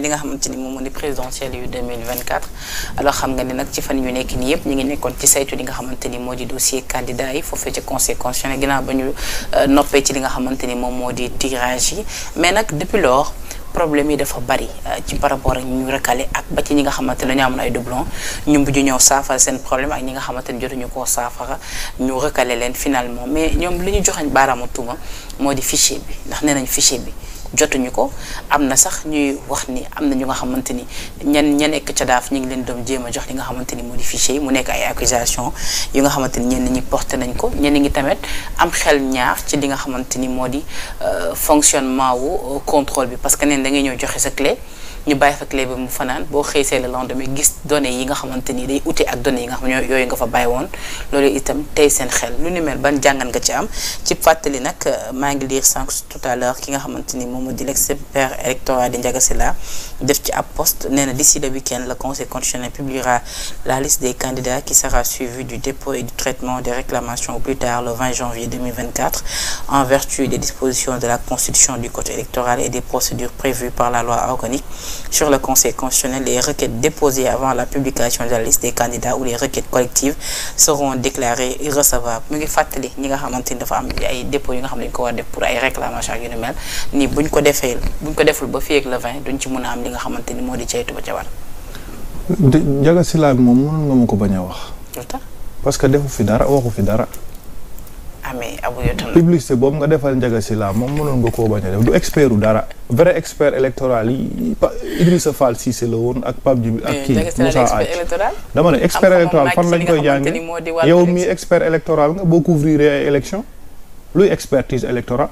li nga xamante ni moom moo di présidentielle yu 2024 alors xam nga ni nag ci fan yu nekk nii yëpp ñu ngi nekkoon ci saytu li nga xamante ni moo di dossier candidat yi foofee ci conseil ba ñu euh, noppee ci li nga xamante ni moom moo di tirage mais nag depuis lors problème yi dafa bari euh, ci par rapport ak ñu recalé ak ba ci ñi nga xamante ne dañoo amoon ay doublon ñu mujj ñëw saafara seen problème ak ñi nga xamante ne jotuñu koo saafara ñu recalé leen finalement mais ñoom li ñu joxañ baaraamu tuuma moo di fichier bi ndax nee nañ fichier bi jotuñu ko am na sax ñuy wax ni am na ñu nga xamante ni ñan ña nekk ca daaf ñu ngi leen doon jéem a jox li nga xamante ni moo di fichier mu nekk ay accusation yu nga xamante ni ñenn ñi porté nañ ko ñenn ñi tamit am xel ñaar ci li nga xamante ni moo di euh, fonctionnement wu euh, contrôle bi parce que neen da ngay ñëw joxe sa clé ñu bàyyi fa clé bi mu fanaan boo xëysee le lendemain gis données yi nga xamante ni day ute ak données yi nga xam ne yooyu nga fa bàyyi woon loolu itam tey seen xel lu ni mel ban jàngat nga ci am ci fàttali nag maa ngi lire sànq tout ki nga xamante ni moom mu di l'expert électoral di Ndiaga Sylla def ci ab poste nee na d'ici le week-end le conseil constitutionnel publiera la liste des candidats qui sera suivie du dépôt et du traitement des réclamations au plus tard le janvier en vertu des dispositions de la constitution du code électoral et des procédures prévues par la loi organique sur le conseil constitutionnel les requêtes déposées avant la publication de la liste des candidats ou les requêtes collectives seront déclarées irrecevables ni dafa li nga xamante moo di ceytu ba ca moom mënoon nga ma ko bañ a wax. parce que defu fi dara waxu fi dara. amee ah, abu boobu nga defal Ndiaga Sylla moom mënoon nga koo bañ a def du expertu dara vrai expert électoral yi Pa Idrissa Fall Cissé la woon ak Pape Djibril ak kii Moussa Ath dama ne expert électoral fan lañ koy jàngee yow mii expert électoral nga boo couvrir ay élection luy expertise électorale.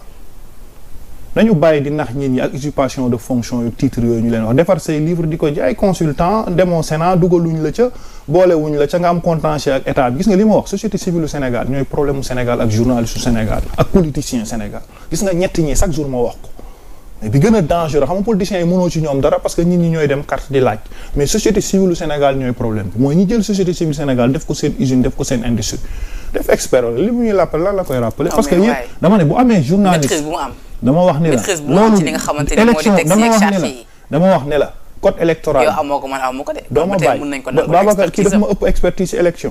nañu bàyyi di ndax nit ñi ak usurpation de fonction yu titre yooyu ñu leen wax defar say livre di ko jaay consultant demoo Sénat dugaluñ la ca boolewuñ la ca nga am contentieux ak état bi gis nga li ma wax société civile u Sénégal ñooy problème mu Sénégal ak journaliste u Sénégal ak politicien Sénégal gis nga ñett ñi chaque jour ma wax ko mais bi yi mënoo ci ñoom dara parce que nit ñi ñooy dem carte di laaj mais société civile Sénégal ñooy problème bi mooy ñi jël société civile Sénégal def ko seen usine def ko seen industrie def expert li mu ñuy rappelé lan la koy rappelé. parce que yéen dama ne bu amee journaliste dama wax ni la loolu élection dama wax ni la dama wax ni la code électoral. yow amoo ko man amoo ko de. doo ma bàyyi Babacar kii daf ma ëpp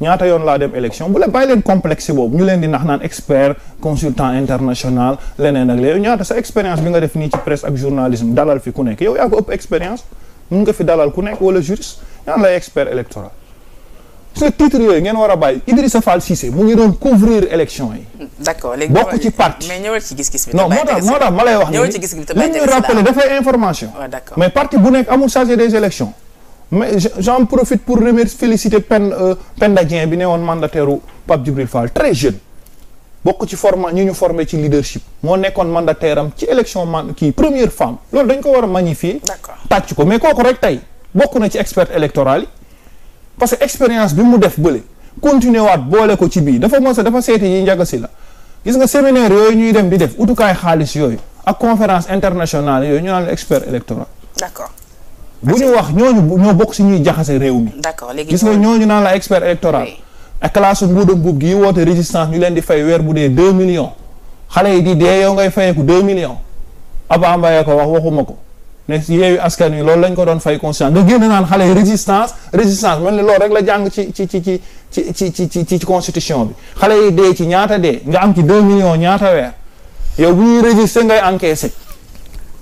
ñaata yoon laa dem élection bu la bàyyi leen complexe boobu ñu leen di nax naan expert consultant international leneen ak leen ñaata sa expérience bi nga def nii ci presse ak journalisme dalal fi ku nekk yow yaa ko ëpp expérience mun nga fi dalal ku nekk wala juriste ñaan lay expert électoral. ce titre yooyu ngeen war a bàyyi Idrissa Fall Cissé mu ngi doon couvrir élection yi. d'accord léegi bokk ci parti. mais ñëwal ci gis-gis bi non moo tax moo tax ma lay wax. ñëwal ci ñuy rappeler dafay information. Ah, mais parti bu nekk amul chargé des élections. mais j'en profite pour remercier féliciter Pen euh, Penda Dieng bi ne woon mandataire u Pape Djibril Fall jeune. bokk ci forma ñu ñu formé ci leadership. moo nekkoon mandataire am ci élection man kii première femme. loolu dañ ko war a magnifier. d'accord tàcc k mais kooku rek tey bokk na ci expert électoral yi. parce que expérience bi mu def bële continuer waat boole ko ci bii dafa mos dafa seeti yi njaga si la gis nga séminaire yooyu ñuy dem di def utukaay xaalis yooyu ak conférence internationale yooyu ñu naan la expert électoral. d'accord bu ñu wax ñooñu ñoo bokk si ñuy jaxase réew bi d'accord léegi gis nga ñoo ñu naan la expert électoral. ak classe nguuda mbuub gi woote résistance ñu leen di fay weer bu dee 2 millions xale yi di dee yow ngay fayeeku 2 millions Abba Mbaye ko wax waxuma ko. ne yeewu askan wi loolu lañ ko doon fay conscience nga génn naan xale yi résistance résistance man ne loolu rek la jàng ci ci ci ci ci ci ci ci constitution bi xale yi dee ci ñaata dee nga am ci 2 millions ñaata weer yow bu ñuy résister ngay encaisser.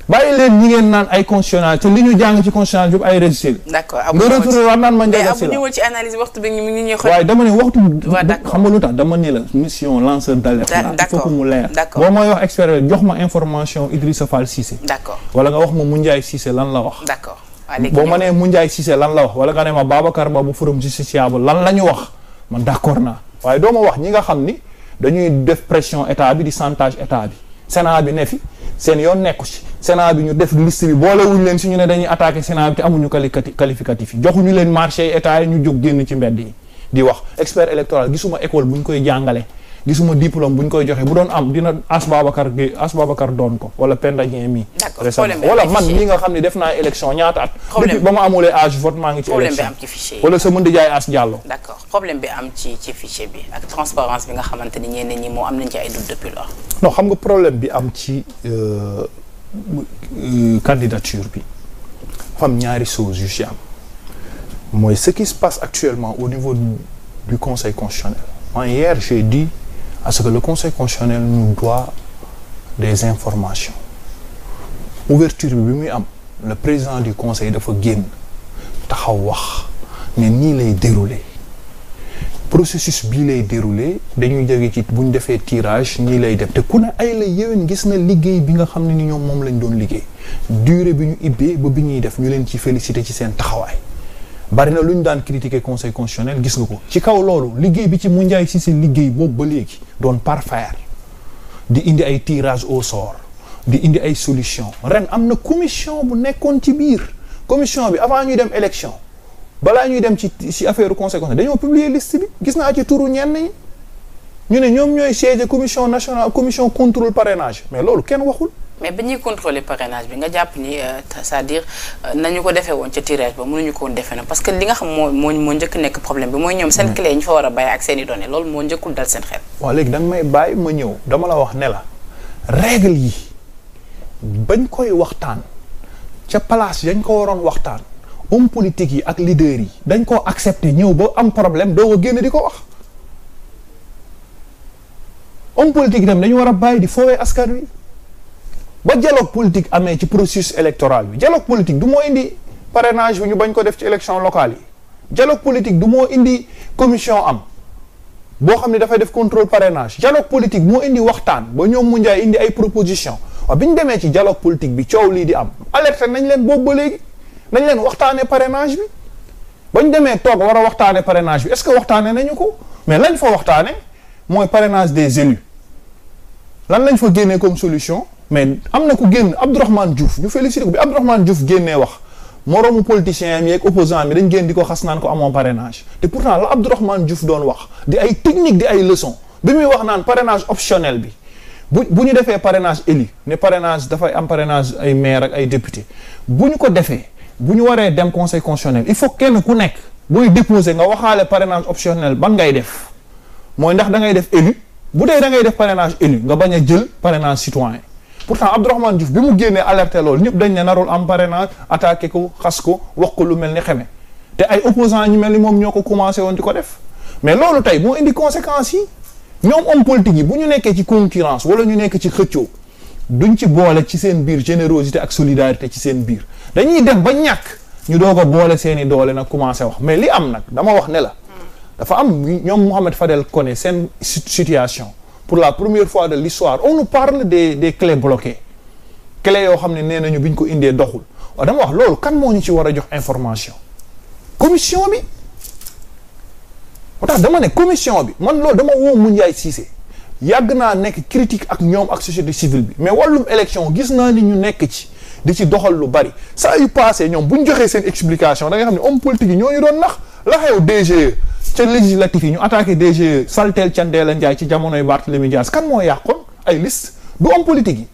bàyyi leen ñi ngeen naan ay constitutionnel te li ñu jàng ci constitutionnel yëpp ay régisseurs. d'accord nga retour war naan ma Ndiaga Sylla bi ñu ñuy xool tax dama ne mission lanceur d'alerte. il faut que mu leer. wax expert jox ma information Idrissa Fall Cissé. d'accord wala nga wax ma Moundiaye Cissé lan la wax. d'accord boo ma nee Moundiaye Cissé lan la wax wala nga ne ma Babacar Ba bu forum justiciable lan la ñu wax man d'accord naa waaye doo ma wax ñi nga xam ni dañuy def pression état bi di chantage état bi Sénat bi ne fi seen yoon nekku ci Sénat bi ñu def liste bi boolewuñu leen si ñu ne dañuy attaqué Sénat bi te amuñu qualificatif yi joxuñu leen marché état yi ñu jóg génn ci mbedd yi di wax expert électoral gisuma école bu ñu koy jàngale gisuma diplôme bu ñu koy joxe bu doon am dina As Babacar gi As Babacar doon ko wala Penda Dieng mii. wala naa élection ñaata at. depuis ba ma amulee âge vote maa ngi ci élection. wala sa mën di problème bi am ci ci bi ak transparence bi nga xamante ni ñenn ñi moo am nañ ci ay doute depuis lors. non xam nga problème bi am ci euh, euh, candidature bi fam ñaari choses yu si am mooy ce qui se passe actuellement au niveau du conseil constitutionnel moi hier j'ai Parce que le Conseil constitutionnel nous doit des informations. ouverture bi muy am le président du conseil dafa génn taxaw wax ne nii lay dérouler procesus bii lay dérouler dañuy jóge ci bu ñu defee tirage nii lay def te ku ne ay la yéwén gis na liggéey bi nga xam ne ni ñoom moom lañ doon liggéey durée bi ñu ibbee ba bi ñuy def ñu leen ci félicité ci seen taxawaay bari na lu ñu daan critiquer conseil constitutionnel gis nga ko ci kaw loolu liggéey bi ci mu njaay si seen liggéey boobu ba léegi doon parfaire di indi ay tirage au sort di indi ay solution ren am na commission bu nekkoon ci biir commission bi avant ñuy dem élection balaa ñuy dem ci ci affaire conseil constitutionnel dañoo publier liste bi gis naa ci turu ñenn ñi ñu ne ñoom ñooy siège commission national commission contrôle parrainage mais loolu kenn waxul mais ba ñuy contrôler parrainage bi nga jàpp ni euh, c'est-à-dire euh, nañu ko defee woon ca tirage ba mënuñu ko woon defe na parce que li nga xam moo moo moo njëkk nekk problème bi mooy ñoom seen hmm. clé ñu fa war a bàyyi ak seen i données loolu moo njëkkul dal seen xel. waaw léegi da may bàyyi ma ñëw dama la wax ne la règle yi bañ koy waxtaan ca place dañ ko waroon waxtaan homme politique yi ak leader yi dañ koo accepter ñëw boo am problème doo ko génn di ko wax. homme politique yi ba dialogue politique amee ci processus électoral bi dialogue politique du moo indi parrainage bi ñu bañ ko def ci élection locale yi dialogue politique du moo indi commission am boo xam ne dafay def contrôle parrainage dialogue politique moo indi waxtaan ba ñoom mu indi ay proposition bi ñu demee ci dialogue politique bi coow lii di am alerte nañ leen boobu ba léegi nañ leen waxtaanee parrainage bi ba ñu demee toog war a waxtaanee parrainage bi est-ce que waxtaanee nañu ko mais lañ fa waxtaanee mooy parrainage des élus lan lañ fa génnee comme solution mais am na ku génn Abdourahmane Diouf ñu félicité ko bi Abdourahmane Diouf génnee wax moroomu politicien am yeeg opposant bi dañ génn di ko xas naan ko amoon parrainage te pourtant la Abdourahmane Diouf doon wax di ay technique di ay leçon bi muy wax naan parrainage optionnel bi bu bu ñu defee parrainage élu ne parrainage dafay am parrainage ay mair ak ay député bu ñu ko defee bu ñu waree dem conseil constitutionnel il faut kenn ku nekk booy déposer nga waxaale parrainage optionnel ban ngay def mooy ndax da def élu bu dee da ngay def parrainage élu nga bañ a jël parrainage citoyen pourtant Abdourahmane Diouf bi mu génnee alerté loolu ñëpp dañ ne narul am parrainage attaqué ko xas ko wax ko lu mel ni xeme te ay opposants ñu mel ni moom ñoo ko commencé woon di ko def mais loolu tey boo indi conséquences yi ñoom homme politique yi bu ñu nekkee ci concurrence wala ñu nekk ci xëccoo duñ ci boole ci seen biir générosité ak solidarité ci seen biir dañuy dem ba ñàkk ñu doog ko boole seen i doole na commencé wax mais li am nag dama wax ne la dafa am ñoom Mouhamed Fadel Koné seen situation pour la première fois de l'histoire on nous parle des des clés bloquées clés yoo xam ne nee nañu bi ñu ko indee doxul waaw dama wax loolu kan moo ñu ci war a jox information commission bi moo tax dama ne commission bi man loolu dama woo mu Ndiaye Cissé yàgg naa nekk critique ak ñoom ak société civile bi mais wàllum élection gis naa ni ñu nekk ci di ci doxal lu bari saa yu passé ñoom bu ñu joxee seen explication da nga xam ne homme politique yi ñoo ñu doon nax la xew ca législatif yi ñu attaqué DGE salteel Thiendella Ndiaye ci jamonoy Barthélémy Dias kan moo yàqoon ay liste du homme politique yi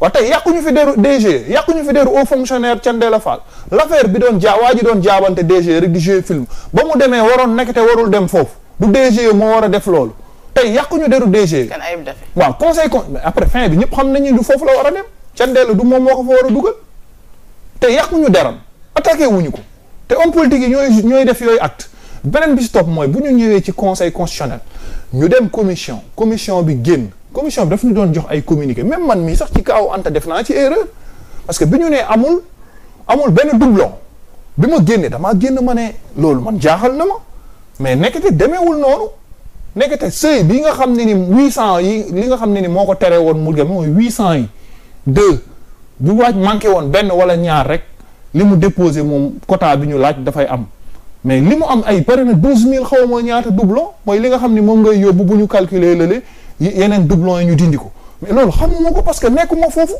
waaw tey yàquñu fi deru DGE yàquñu fi deru haut fonctionnaire Thiendella Fall l'affaire bi doon jaa waa ji doon jaabante DGE rek film ba mu demee waroon nekk te warul dem foofu du DGE moo war a def loolu tey yàquñu deru DGE waaw conseil con après fin bi ñëpp xam nañu du foofu la war a dem Thiendella du moom moo ko fa war a dugal te yàquñu deram attaqué wuñu ko te homme politique yi ñooy ñooy def yooyu at beneen bi stop mooy bu ñu ñëwee ci conseil constitutionnel ñu dem commission commission bi génn commission bi daf ñu doon jox ay communiqué même man mii sax ci kaaw Anta def naa ci erreur parce que bi ñu nee amul amul benn doublon bi ma génnee damaa génn ma ne loolu man jaaxal na ma mais nekkati demeewul noonu nekkati seuil bi nga xam ne ni 800 yi li nga xam ne ni moo ko teree woon mu gëm mooy 800 yi deux bu waaj manqué woon benn wala ñaar rek li mu déposé moom quota bi ñu laaj dafay am. mais li mu am ay bëri na douze xaw ma ñaata doublon mooy li nga xam ni moom ngay yóbbu bu ñu calculer lële yeneen doublon yi ñu dindi ko mais loolu xamuma ko parce que nekkuma foofu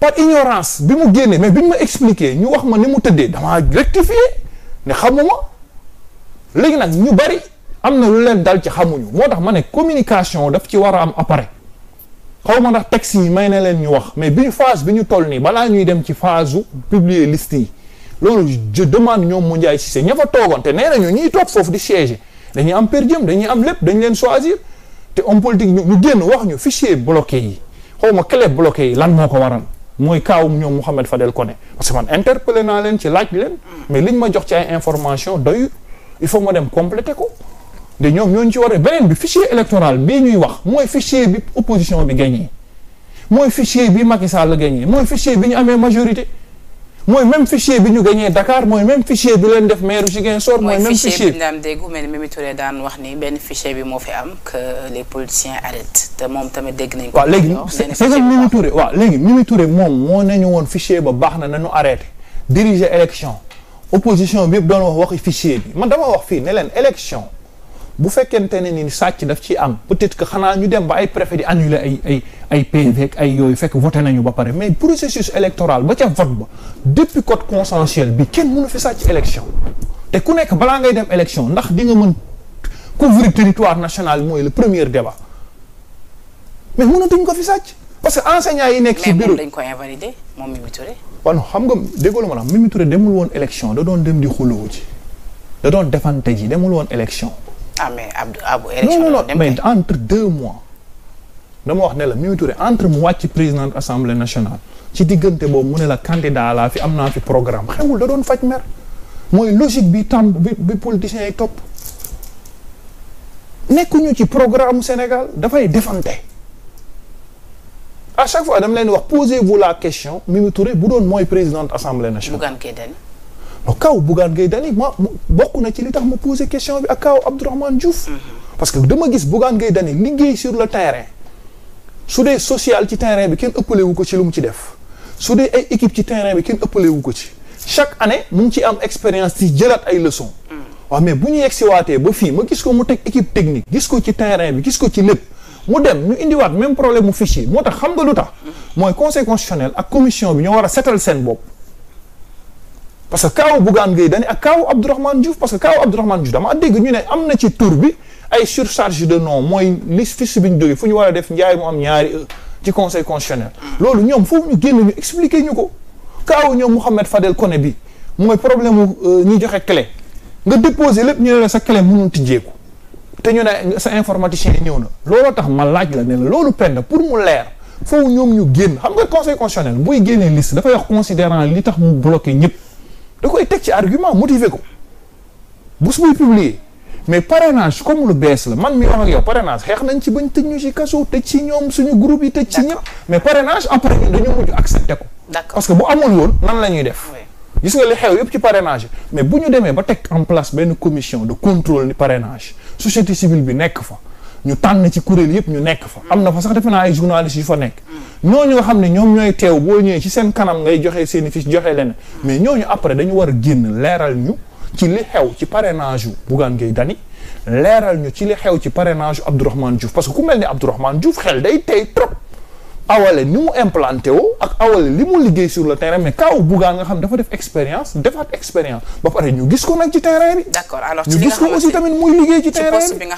par ignorance bi mu génnee mais bi ñu ma expliqué ñu wax ma ni mu tëddee damaa rectifier ne xamuma léegi nag ñu bëri am na lu leen dal ci xamuñu moo tax ma ne communication daf ci war a am appareil xaw ma ndax texte yi may na leen ñu wax mais bi phase bi ñu toll nii balaa ñuy dem ci phase publier liste yi. loolu je demande ñoom mu njaay si ña fa toogoon te nee nañu ñuy toog foofu di siéger dañuy am per diem dañuy am lépp dañ leen choisir te homme politique ñu génn wax ñu fichier bloqué yi xaw ma clé bloqué yi lan moo ko waral mooy kaawum ñoom Mouhamed Fadel Koné parce que man interpellé naa leen ci laaj leen mais liñ ma jox ci ay information doyu il faut ma dem complété ko de ñoom ñoo ñu ci war beneen bi fichier électoral bii ñuy wax mooy fichier bi opposition bi gagné mooy fichier bi Macky Sall gagné mooy fichier bi ñu amee majorité mooy même fichier bi ñu gañee Dakar mooy même fichier bi leen def maire Ziguinchor. mooy même fichier bi ñu daan dégg wax ni benn fichier bi moo fi am que les politiciens arrêtent te moom tamit dégg nañ ko. waaw léegi c'est que Mimi Touré waaw léegi Mimi Touré moom moo nañu woon fichier ba baax na nañu arrêté diriger élection opposition bi yëpp doon wax waxi fichier bi man dama wax fii ne leen élection. bu fekkente ne ni sàcc daf ci am peut-être que xanaa ñu dem ba ay préfet di annuler ay ay ay PV ak yooyu fekk voté nañu ba pare mais processus électoral ba ca vote ba depuis code consensuel bi kenn mënu fi sàcc élection te ku nekk balaa ngay dem élection ndax di nga mën couvrir territoire national mooy le première débat mais mënatuñ ko fi sàcc parce que enseignants yi nekk ci bureau dañ ko invalider moom Mimi Touré waaw xam nga déggoo la ma la demul woon élection da doon dem di xuloo ji da doon defante ji demul woon élection ah mais Abdou Abou élection non entre deux mois. dama wax ne la Mimi entre mu wàcc présidente assemblée nationale ci diggante boobu mu ne la candidat laa fi am naa fi programme xewul da doon faj mer mooy logique bi tam bi bi politiciens yi topp nekkuñu ci programme Sénégal dafay defante à chaque fois dama leen wax posez-vous la question Mimi Touré bu doon mooy présidente assemblée nationale. non kaw Bougane Gueye boo ma bokk na ci li tax ma posé question bi ak kaw Abdourahmane Diouf. Mhm. parce que dama gis Bougane Gueye Dany liggéey sur le terrain su dee social ci terrain bi kenn ëppale wu ko ci lu mu ci def su dee ay équipe ci terrain bi kenn ëppale wu ko ci chaque année mu ngi ci am expérience ci jëlaat ay leçons. Mhm. waaw mais bu ñu yegg waatee ba fii ma gis ko mu teg équipe technique gis ko ci terrain bi gis ko ci lépp mu dem ñu indiwaat même problème mu fichier moo tax xam nga lu tax. Mhm. mooy conseil constitutionnel ak commission bi ñoo war a setal seen bopp. parce que kaaw Bougane Gueye Dany ak kaaw Abdourahmane Diouf parce que kaaw Abdourahmane Diouf dama dégg ñu ne am na ci tour bi ay surcharge de nom mooy li fiche bi ñu jógee fu ñu war a def njaay mu am ñaari ci conseil constitutionnel loolu ñoom foofu ñu génn ñu expliquer ñu ko kaaw ñoom Mouhamed Fadel Koné bi mooy problème mu euh, ñi joxe clé nga déposer lépp ñu ne la sa clé mënul tijjeeku te ñu ne sa informaticien ñëw na looloo tax ma laaj la ne la loolu pend pour mu leer foofu ñoom ñu génn xam nga conseil constitutionnel buy génnee liste dafay wax li tax mu bloqué ñëpp da koy teg ci argument motivé ko bu su muy publier mais parrainage comme lu bees la man mi wax ak yow parrainage xeex nañ ci bañ tëj ñu ci kaso tëj ci ñoom suñu groupe yi tëj ci ñëpp mais parrainage après dañu mujj accepté ko parce que bu amoon woon nan la ñuy def gis nga li xew yëpp ci parrainage mais bu ñu demee ba teg en place benn commission de contrôle ni parrainage société civile bi nekk fa ñu tànn ci kuréel yëpp ñu nekk fa am na fa sax defe naa ay journalistes yu fa nekk ñooñu nga xam ne ñoom ñooy teew boo ñëwee ci seen kanam ngay joxe seen i fiche joxe leneen mais ñooñu après dañu war a génn leeral ñu ci li xew ci parrainage yu Bougane Gueye Dany leeral ñu ci li xew ci parrainage yu Abdourahmane Diouf parce que ku mel ni Abdourahmane Diouf xel day tey trop awale ni mu implanté woo ak awale li mu liggéey sur le terrain mais kaw Bougane nga xam dafa def expérience defaat expérience ba pare ñu gis ko nag ci ko aussi tamit muy liggéey ci